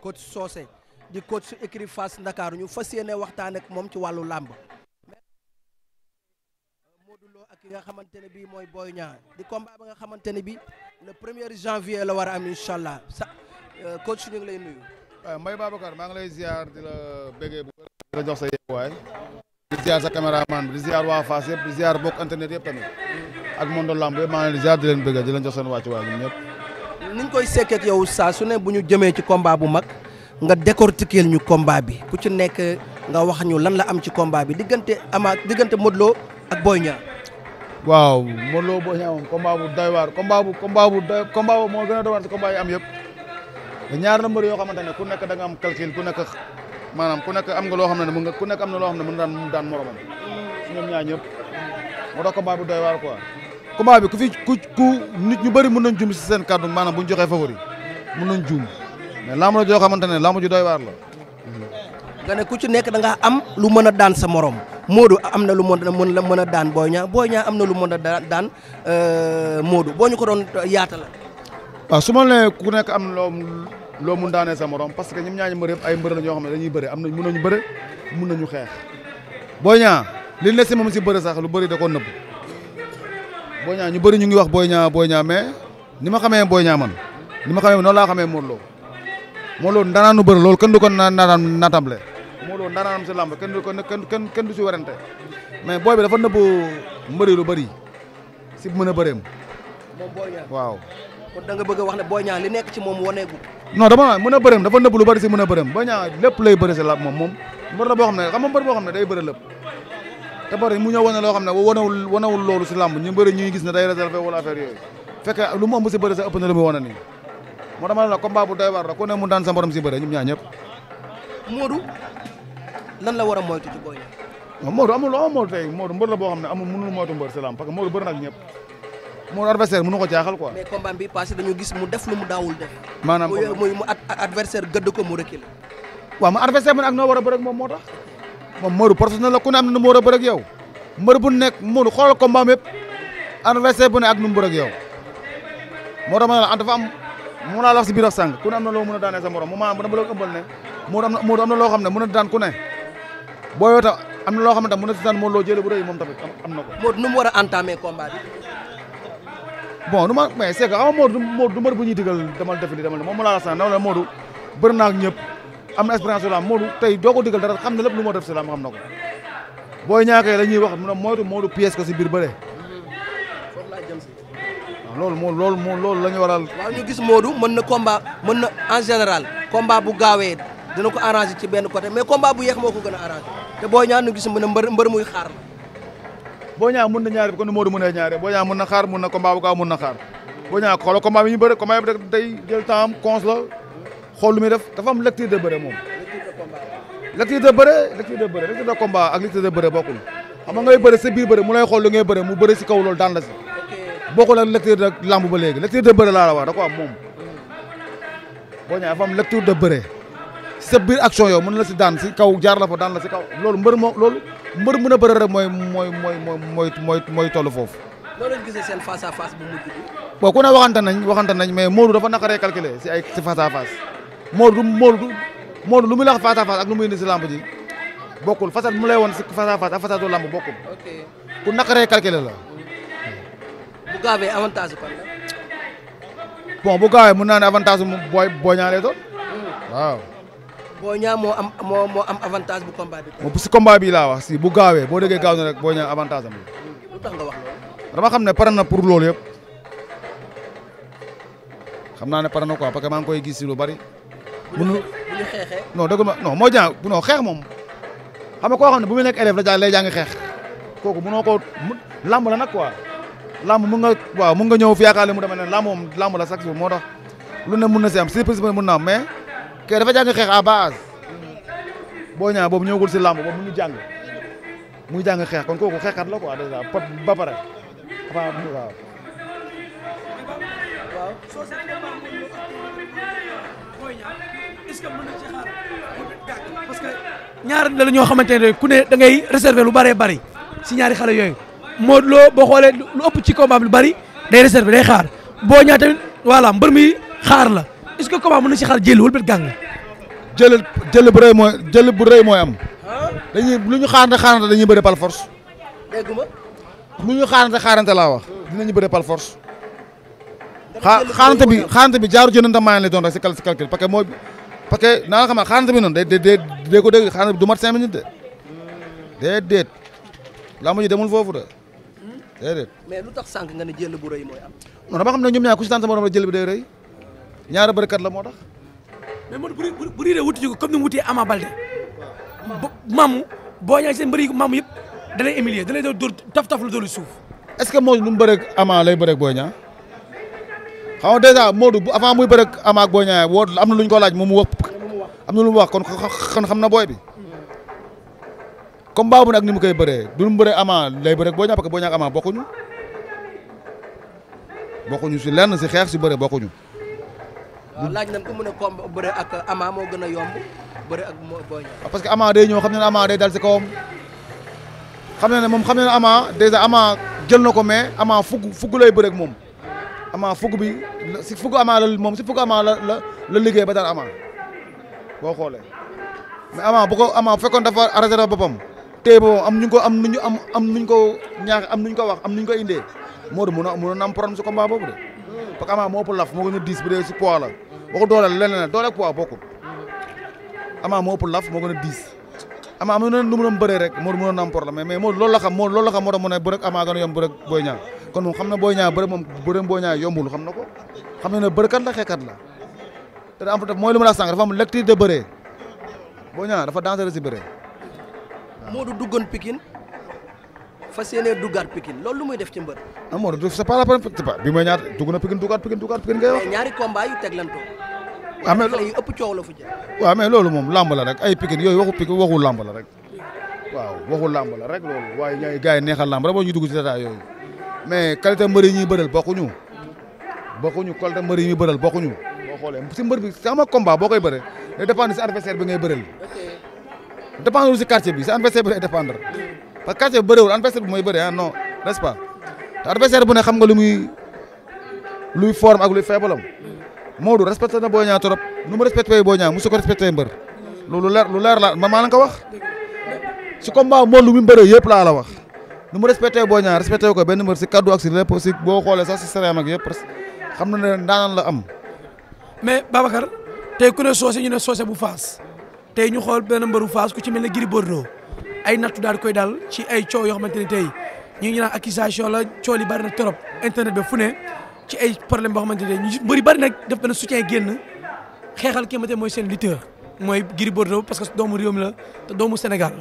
coach soose di coach su écurie Fass Ndakaaru ñu fas yéene waxtaan ak moom ci wàllu làmb Modou Lo ak ki nga xamante ne bii mooy Boy Niang di combat ba nga xamante ne bii le premier janvier la war a am incha allah sa euh, coach ñu lay nuyu. Euh, Mbaye Babacar maa ngi lay ziar di la bëggee bu la jox sa yeewaay di ziar sa caméraman bi di ziar waa yëpp di ziar bokk internet yëpp tamit ak monde lamb yëpp maa ngi leen di di leen bëggee di leen jox seen wàccuwaay ñun ñëpp. niñ koy sekk ak yow saa su ne bu ñu jëmee ci combat bu mag nga décortiquer ñu kombaa bi ku ci nekk nga wax ñu lan la am ci combat bi diggante amaat diggante Modou loo ak booy Niang. waaw Modou Lo Boy Niang bu doy waar combat bu combat bu doy combat moo gën a doy waar am yëpp te na mbër yoo xamante ne ku nekk da nga am calcul ku nekk maanaam ku nekk am nga loo xam ne mën nga ku nekk am na loo xam ne mën daan mën daan moromam ñoom ñaar ñëpp moo tax combat bu doy waar quoi. combat bi ku fi ku ku nit ñu bëri mun nañ juum si seen kàddu maanaam bu ñu joxee favori mën nañ juum mais lamb la joo xamante ne lamb ju doy waar la. nga ku ci nekk da nga am lu mën a daan sa morom Modou am na lu mën a mën a daan Boy Niang Boy Niang am na lu mën a daan euh, Modou boo ñu ko doon yaatal. waaw ma nee ku nekk am loo loo mun daanee sa morom parce que ñoom ñaañu mbër ay mbër la ñoo xam ne dañuy bëre am nañ mun nañu bëre mun nañu xeex Boy Niang li ñu la si moom si bëre sax lu bëri da koo Boy Niang ñu bëri ñu ngi wax Boy Niang Boy Niang mais ni ma xamee Boy Niang man ni ma xamee noonu laa xamee Modou Lo Modou Lo ndanaanu bëri loolu kenn du ko naan naan naatable Modou Lo ndanaanam si làmb kenn du ko kenn kenn du si werante mais booy bi dafa nëbb mbëri lu bëri si mën a bëreem. moom Boy Niang waaw. kon a wax ne Boy Niang li nekk ci moom woneegu. non dama mën a bëreem dafa nëbb a bëreem lay bëri si làmb moom moom mbër boo xam ne xam nga boo xam ne day bëri lépp te bari mu ñëw wane loo ne wanawul wanawul loolu si làmb ñu bëri ñuy gis ne day réservé wala affaire yooyu fekk lu mu ëmb si bëri sa ëpp na lu muy wane moo dama la combat war la ku ne mu daan sa boo xam ne amul mënul moytu mbër si làmb parce que Modou ko jaaxal quoi mais combat gis mu def lu mu daawul ko mu reculer waaw ma adversaire bi nag noo war a bëri la ku ne am na nu mu war a bëri yow mbër bu nekk mënu xoolal ko mbaam bu ne ak nu bu bëreeg yow moo tax ma ne la ah, dafa am mu laa wax biir ak ku ne am na loo mën a daanee sa morom mu maanaam bu ne bu la ëmbal am na loo xam ne mën na daan ku ne boo yoo am na loo xam ne tam ne na si daan Modou Lo jëlee bu rëy moom tamit am na ko. moo nu mu war a entamer combat ma mais c'est que ah, du mbër bu ñuy digal demal defi demal moom mu laa wax sànq dama ne Modou bëri na ak ñëpp am na expérience su la am Modou tey doo ko digal dara xam ne lépp lu moo def si la am xam na ko booy ñaakay la ñuy wax mu ne moytu Modou pièce ko si biir bëre. loolu moo loolu moo loolu la ñu waral. waaw ñu gis Modou mën na combat mën na en général combat bu gaawee dina ko arrangé ci benn côté mais combat bu yeex moo ko gën a te boo ñaan ñu gis mu ne mbër mbër muy xaar la. boo ñaa mën na ñaari bi kon Modou mën na ñaari boo ñaa mën na xaar mën na combat bu gaaw mën na xaar boo ñaa xoolal combat bi ñu bëri combat bi day jël temps am cons lu muy def dafa am lecture de moom. l'activité de bëre l'activité de bëre l'activité de combat ak l'activité de bëre bokkul xam nga ngay bëre sa biir bëre mu lay xool lu ngay bëre mu bëre si kaw loolu daan la si bokkul ak da ko moom boo ñaa dafa am lecture de bëre sa biir action yow mën la si daan si kaw jaar la fa daan la si kaw loolu mbër moo loolu mbër mën a bëre rek mooy mooy mooy mooy mooy mooy toll foofu loolu lañ gisee seen face à face bu mujj ku ne waxante nañ waxante nañ mais Modou dafa naqaree calculer si ay si face à face Modou Modou Modou lu muy wax face à face ak lu muy indi si lamb ji bokkul façade mu lay woon si face à face ak façade lamb bokkul. ok ku naqaree calculer la. bu gaawee avantage kon la. bon bu mën naa ne avantage mu booy booñaa lay doon hmm. waaw. booñaa moo am moo moo am avantage bu combat bi. si laa wax si bu gaawee boo déggee gaaw na rek booñaa avantage am la. Hmm. nga wax dama xam ne pare na pour loolu yëpp xam naa ne pare na ko parce que maa ngi koy gis si lu bari. bu nu xeexee non dëgg ma xeex moom xam koo xam ne bu mu nekk élève la jàng lay jàng xeex kooku mënoo ko làmb la nag quoi làmb mun nga waaw mun nga ñëw fi yaakaar mu demee ne làmb moom làmb la chaque jour moo tax lu ne mun na si am surprise mun na am mais kii dafa jàng xeex a base boo ñaa boobu ñëwagul si làmb boobu mu ngi jàng muy jàng xeex kon kooku xeexkat la quoi déjà ba pare waaw waaw. waaw. est-ce que mën na ci la ñoo xamante ne ku ne da ngay réserver lu bëree bëri si ñaari xale yooyu moo Lo boo xoolee lu ëpp ci combat lu bëri day réserver day xaar boo ñaar tamit mbër mi xaar la est-ce que combat mën na ci xaar jël wëlbët gàng. jël jël bu rëy mooy jël bu rëy mooy am. dañuy lu ñu xaarante xaarante dañuy bëri par force. dégg nga. lu ñu xaarante xaarante laa wax. dinañu bëri par force. xaarante bi xaarante bi jaaru jënante maa ngi lay doon rek si calcul parce mooy parce que naa la xamal xaarante bi noonu day day day ko dégg xaarante demul foofu de déedéet. mais lu tax sànq nga ne jël bu rëy mooy am. non dama xam ne ñoom ñaar ku si daan sama morom la jël bi day rëy ñaara bërëkat la moo tax. mais man bu bu bu riiree wuti ci ko comme ni mu wutee Ama Balde. ba maamu boo ñëwee seen mbëri maamu yëpp da lay humilier da lay doon dóor taf taf lu doon suuf. est ce que moo lu mu bëreeg Ama lay bëreeg Boy xam nga dèjà Modou avant muy bëre Ama ak am lu ñu ko laaj moom mu wax am na lu wax kon kon xam na booy bi comme baabu nag ni mu koy bëree du mu bëree Ama lay bëree Boy Niang parce que Boy Niang ak Ama bokkuñu si lenn si xeex si laaj nañ ko mën a comb bëre ak Ama moo gën a yomb bëre ak Boy Niang. Ah, parce que Ama day ñëw xam ne Ama day dal si kawam xam na ne moom xam na ne Ama dèjà Ama jël na ko mais Ama fukk fukk lay bëre moom. ama fukk bi si fukk ama la moom si fukk ama la la la liggéey ba daan ama boo xoolee mais ama bu ko ama fekkoon dafa arrêté na boppam téye boppam am ñu ko am nuñu am am nuñ ko ñaax am nuñ ko wax am nuñ ko indee Modou mun a mun a am si combat boobu de parce que ama laf moo gën a diis bu dee si poids la waxu doole leneen la moo ëpp mun a am problème mais mais Modou loolu la xam Modou loolu xam moo tax mu ne bu a yomb bu rek booy ñaar kon moom xam na Boy ñaar bëre moom bëre Boy Niang yombul xam na ko xam na ne bërëkat la xeexkat la te am mooy lu ma la sànq dafa am lecture de bëree Boy ñaar dafa dangereux si bëree. du duggoon Pikine fas yéenee duggaat Pikine loolu lu muy def ci mbër. ah Modou c'est pas la première bi ñaar dugg na Pikine duggaat Pikine duggaat ah, ëpp coow la fa jël. waaw mais loolu moom làmb la rek ay Pikine yooyu waxu Pikine waxu làmb la rek waaw waxu làmb la rek loolu waaye gars yi neexal làmb rek boo ñu dugg ci détail yooyu mais qualité mbër yi ñuy bëral bokkuñu bokkuñu qualité mbër yi ñuy bëral bokkuñu boo xoolee si mbër bi si ama combat boo koy bëre day dépendre si adversaire bi ngay bëral dépendre wu si quartier bi si adversaire bi lay dépendre parce que quartier bi bëréwul adversaire bi mooy bëre ah non nest pas te adversaire bu ne xam nga lu muy luy forme ak luy faible am Modou respecté na Boy Niang trop nu mu respecté ñaa Niang mosu ko respecté mbër loolu leer lu leer la man maa la ko wax si combat Modou lu mu bëree yëpp laa la wax nu mu respecté Boy Niang respecté ko benn mbër si kaddu ak si lépp si boo xoolee sax si sereem ak yëpp xam na ne ndaanaan la am. mais Babacar tey ku ne soose ñu ne soose bu faas tey ñu xool benn mbëru faas ku ci mel ne Gris noo ay nattu daal koy daal ci ay coow yoo xamante ne tey ñu ñu ngi ak accusation la coow li bari na trop internet bi fu ne ci ay problème boo xamante ne ñu bëri bari nag def benn soutien génn xeexal ki nga xamante mooy seen lutteur mooy Gris Bordeaux parce que doomu réew mi la te doomu Sénégal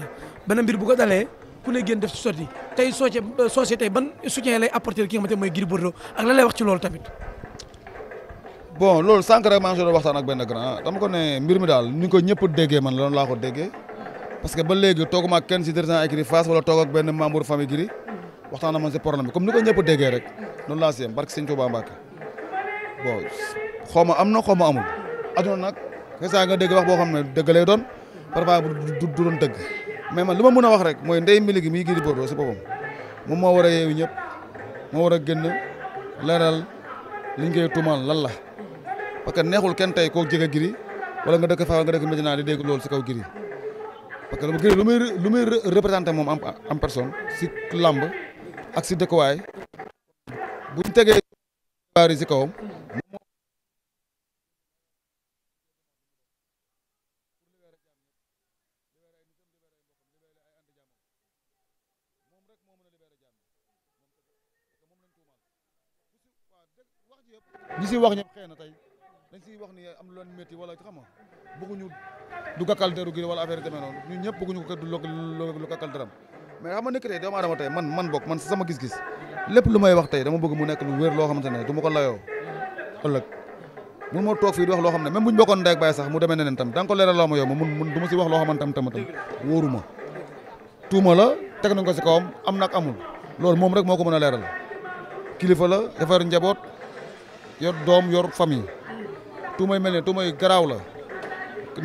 benn mbir bu ko dalee. ku ne génn def ci sotti tey sooce soocé tey ban soutien lay apporter ki nga xamante mooy Gris Bordeaux ak lan lay wax ci loolu tamit bon loolu sànq rek maa ngi doon waxtaan ak benn grand dama ko ne mbir mi daal ni ko ñëpp déggee man loolu laa ko déggee parce que ba léegi tooguma ak kenn si dirigeant écurie Fass wala toog ak benn membre famille Gris waxtaan na man si problème bi comme ni ko ñëpp déggee rek noonu laa si yem barke Sëñ Tuubaa Mbàkke xaw ma am na xaw ma amul aduna nag xëy dégg wax boo xam ne dëgg lay doon parfois du doon dëgg mais man lu ma mën a wax rek mooy ndey mili gi muy Gris Bordeaux si boppam moom moo war a yeewu ñëpp moo war a génn leeral liñ koy tuumaal lan la parce que neexul kenn tey koo jege Gris wala nga dëkk Fawa nga dëkk naa di dégg loolu si kaw Gris parce que Gris lu muy lu muy représenté moom am personne si làmb ak si dëkkuwaay buñ tegee baar yi si kawam siy wax ñëpp xëy na tey dañ siy wax ni am lu leen métti wala xam nga bëgguñu du gàkkal deru gi wala affaire demee noonu ñun ñëpp mais xam nga nekk tey doomu aadama tey man man bokk man sama gis-gis lépp lu may wax tey dama bëgg mu nekk lu wér loo xamante du ma ko layoo ëllëg mun moo toog fii di wax loo xam ne même bokkoon ndey baay sax mu demee neneen tam da nga ko leeral ma yow ma mun mun du ma si wax loo xamante tam wóoruma tuuma la teg nañ ko si kawam am nag amul loolu moom rek moo ko mën a leeral kilifa la defar njaboot yor doom yor famille tuuma mel ne tuuma garaaw la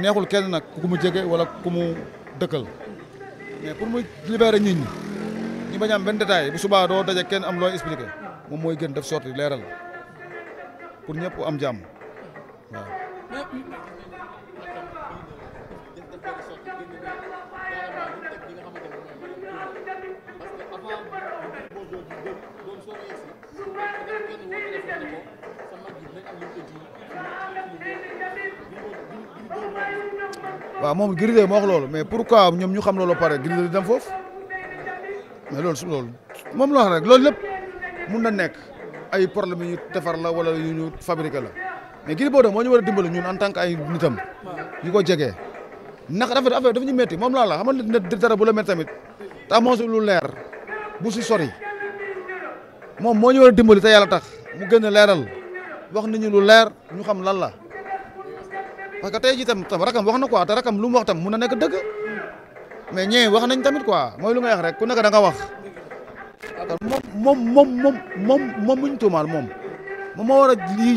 neexul kenn nag ku mu jege wala ku mu dëkkal mais pour mu libérer nit ñi ñu bañ am benn détail bu subaa doo daje kenn am looy expliqué moom mooy gën def sorti leeral pour ñëpp am jàmm kenn woo ji waaw moom Gris 2 moo wax loolu mais pourquoi ñoom ñu xam loolu pare Gris 2 di dem foofu mais loolu su loolu moom la wax rek loolu lépp mun na nekk ay problème yu ñu defar la wala yu ñu fabriqué la mais Gris Bordeaux moo ñu war a dimbali ñun tant que ay nitam. ko jegee ndax affaire affaire dafa ñu metti moom laa la xam nga dara bu la métti tamit te amoo lu leer bu si sori. moom moo ñu war a dimbali te yàlla tax mu gën a leeral wax nañu lu leer ñu xam lan la parce que tey jii tam tam rakam wax na ko te lu wax tam mun na nekk dëgg mais ñee wax nañ tamit quoi mooy lu nga rek ku nekk da nga wax. moom moom moom moom moom mu ñu tuumaal moom moom moo war a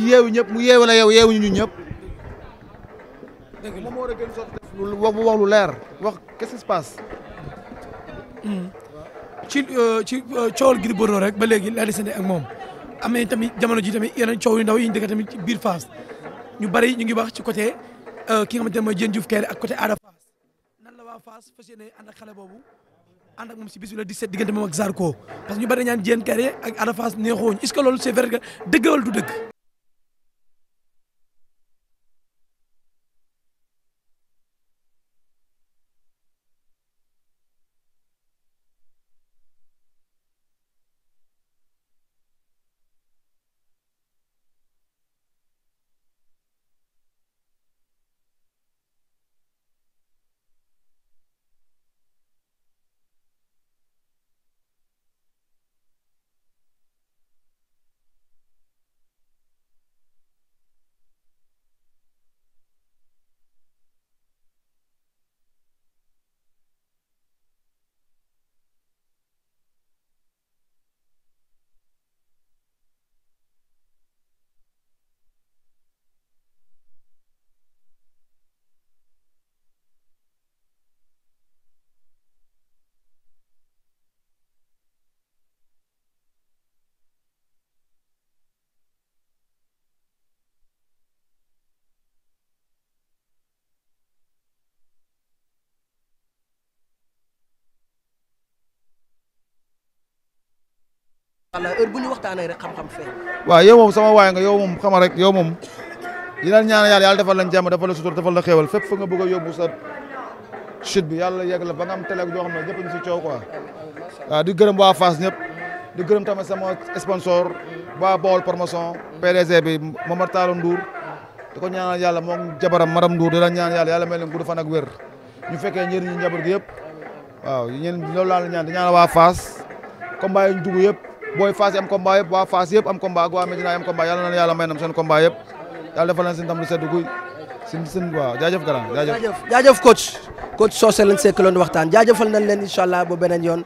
yeewu ñëpp mu yeewu la yow yeewuñu ñu ñëpp. dëgg moom moo war a gën soog lu wax lu leer wax qu'est-ce ci euh, ci euh, coowal Gris Bordeaux rek ba léegi laa desandi ak moom am nañ tamit jamono ji tamit yeneen coow yu ndaw yi ñu dëkk tamit ci biir Fass ñu bari ñu ngi wax ci côté euh, ki nga xamante ne mooy Diène Diouf Kéré ak côté Ada Fass na la waa fa fas yéene ànd ak xale boobu ànd ak moom si bis bi la 17 diggante moom ak Zarko parce que ñu bari ñaan Diène Kéré ak Ada Fass neexooñu est-ce que loolu c'est vrai que dëgg wala du dëgg allah heure bu ñu waxtaanee rek xam-xam feeñ. waaw yow moom sama waay nga yow moom xama rek yow moom di leen ñaan yàlla yàlla defal lañ jàmm defal la sutur defal la xéewal fépp fa nga bëgg a yóbbu sa chute bi yàlla yegg la ba nga am télé joo xam ne ñëpp ñu si coow quoi waaw di gërëm waa Fass ñëpp di gërëm tamit sama sponsor waa Bawol promotion PDG bi Momar Talla Ndour di ko ñaanal yàlla moom jabaram Maram Ndour di la ñaan yàlla yàlla may leen fan ak wér ñu fekkee njëriñu njaboot gi yëpp waaw ñeen loolu laa la ñaan di ñaanal waa faas combat yi ñu yëpp booy Fass yi am combat yëpp waa Fass yëpp am combat ak waa Medina yi am combat yàlla na yàlla may nam seen combat yëpp yàlla defal leen seen sedd guy sin sin waaw jaajëf garan jaajëf jaajëf coach coach Socé lañ sekkaloon waxtaan jaajëfal nañ leen incha allah ba beneen yoon